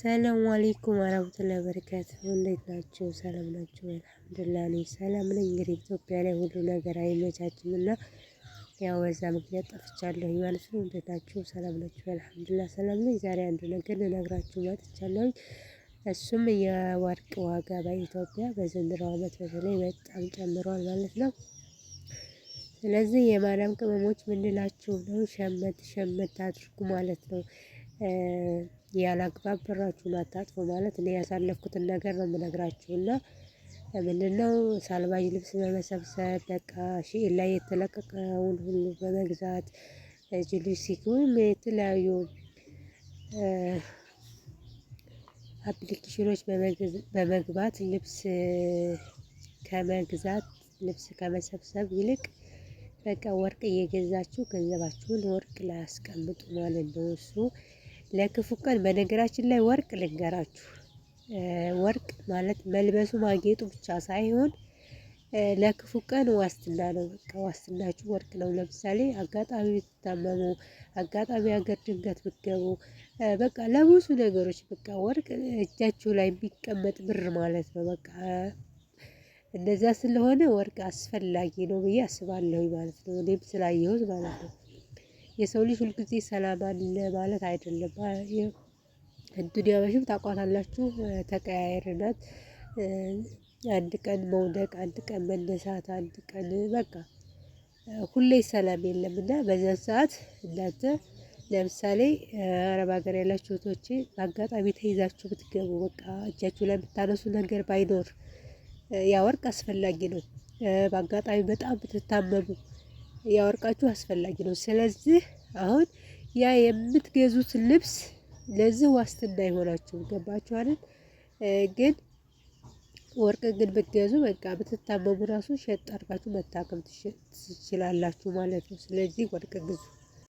ሰላም አለይኩም ወራህመቱላሂ ወበረካቱሁ። እንዴት ናችሁ? ሰላም ናችሁ? አልሐምዱሊላህ ነው ሰላም ነኝ። እንግዲህ ኢትዮጵያ ላይ ሁሉ ነገር አይመቻችም እና ያው በዛ ምክንያት ጠፍቻለሁ ማለት ነው። እንዴት ናችሁ? ሰላም ናችሁ? አልሐምዱሊላህ ሰላም ነኝ። ዛሬ አንድ ነገር ልነግራችሁ መጥቻለሁ። እሱም የወርቅ ዋጋ በኢትዮጵያ በዘንድሮው ዓመት በተለይ በጣም ጨምሯል ማለት ነው። ስለዚህ የማዳም ቅመሞች ምንላችሁ ነው ሸመት ሸመት አድርጉ ማለት ነው። ያላግባብ ብራችሁን አታጥፉ። ማለት እኔ ያሳለፍኩትን ነገር ነው የምነግራችሁ እና ምንድነው ሳልባጅ ልብስ በመሰብሰብ በቃ ሺኤን ላይ የተለቀቀውን ሁሉ በመግዛት ጅሉሲክ ወይም የተለያዩ አፕሊኬሽኖች በመግባት ልብስ ከመግዛት ልብስ ከመሰብሰብ ይልቅ በቃ ወርቅ እየገዛችሁ ገንዘባችሁን ወርቅ ላይ አስቀምጡ ማለት ነው እሱ ለክፉ ቀን። በነገራችን ላይ ወርቅ ልንገራችሁ፣ ወርቅ ማለት መልበሱ ማጌጡ ብቻ ሳይሆን ለክፉ ቀን ዋስትና ነው። በቃ ዋስትናችሁ ወርቅ ነው። ለምሳሌ አጋጣሚ ብትታመሙ፣ አጋጣሚ ሀገር ድንገት ብትገቡ፣ በቃ ለብዙ ነገሮች በቃ ወርቅ እጃችሁ ላይ የሚቀመጥ ብር ማለት ነው። በቃ እንደዛ ስለሆነ ወርቅ አስፈላጊ ነው ብዬ አስባለሁ ማለት ነው። እኔም ስላየሁት ማለት ነው። የሰው ልጅ ሁልጊዜ ሰላም አለ ማለት አይደለም። ዱንያ መቼም ታውቋታላችሁ፣ ተቀያየርናት። አንድ ቀን መውደቅ፣ አንድ ቀን መነሳት፣ አንድ ቀን በቃ ሁሌ ሰላም የለም እና በዚያን ሰዓት እናንተ ለምሳሌ አረብ ሀገር ያላችሁ እህቶቼ በአጋጣሚ ተይዛችሁ ብትገቡ በቃ እጃችሁ ላይ የምታነሱ ነገር ባይኖር ያ ወርቅ አስፈላጊ ነው። በአጋጣሚ በጣም ብትታመሙ ያወርቃችሁ አስፈላጊ ነው። ስለዚህ አሁን ያ የምትገዙት ልብስ ለዚህ ዋስትና ይሆናችሁ። ገባችሁ አይደል? ግን ወርቅ ግን ብትገዙ በቃ ብትታመሙ ራሱ ሸጥ አድርጋችሁ መታከም ትችላላችሁ ማለት ነው። ስለዚህ ወርቅ ግዙ።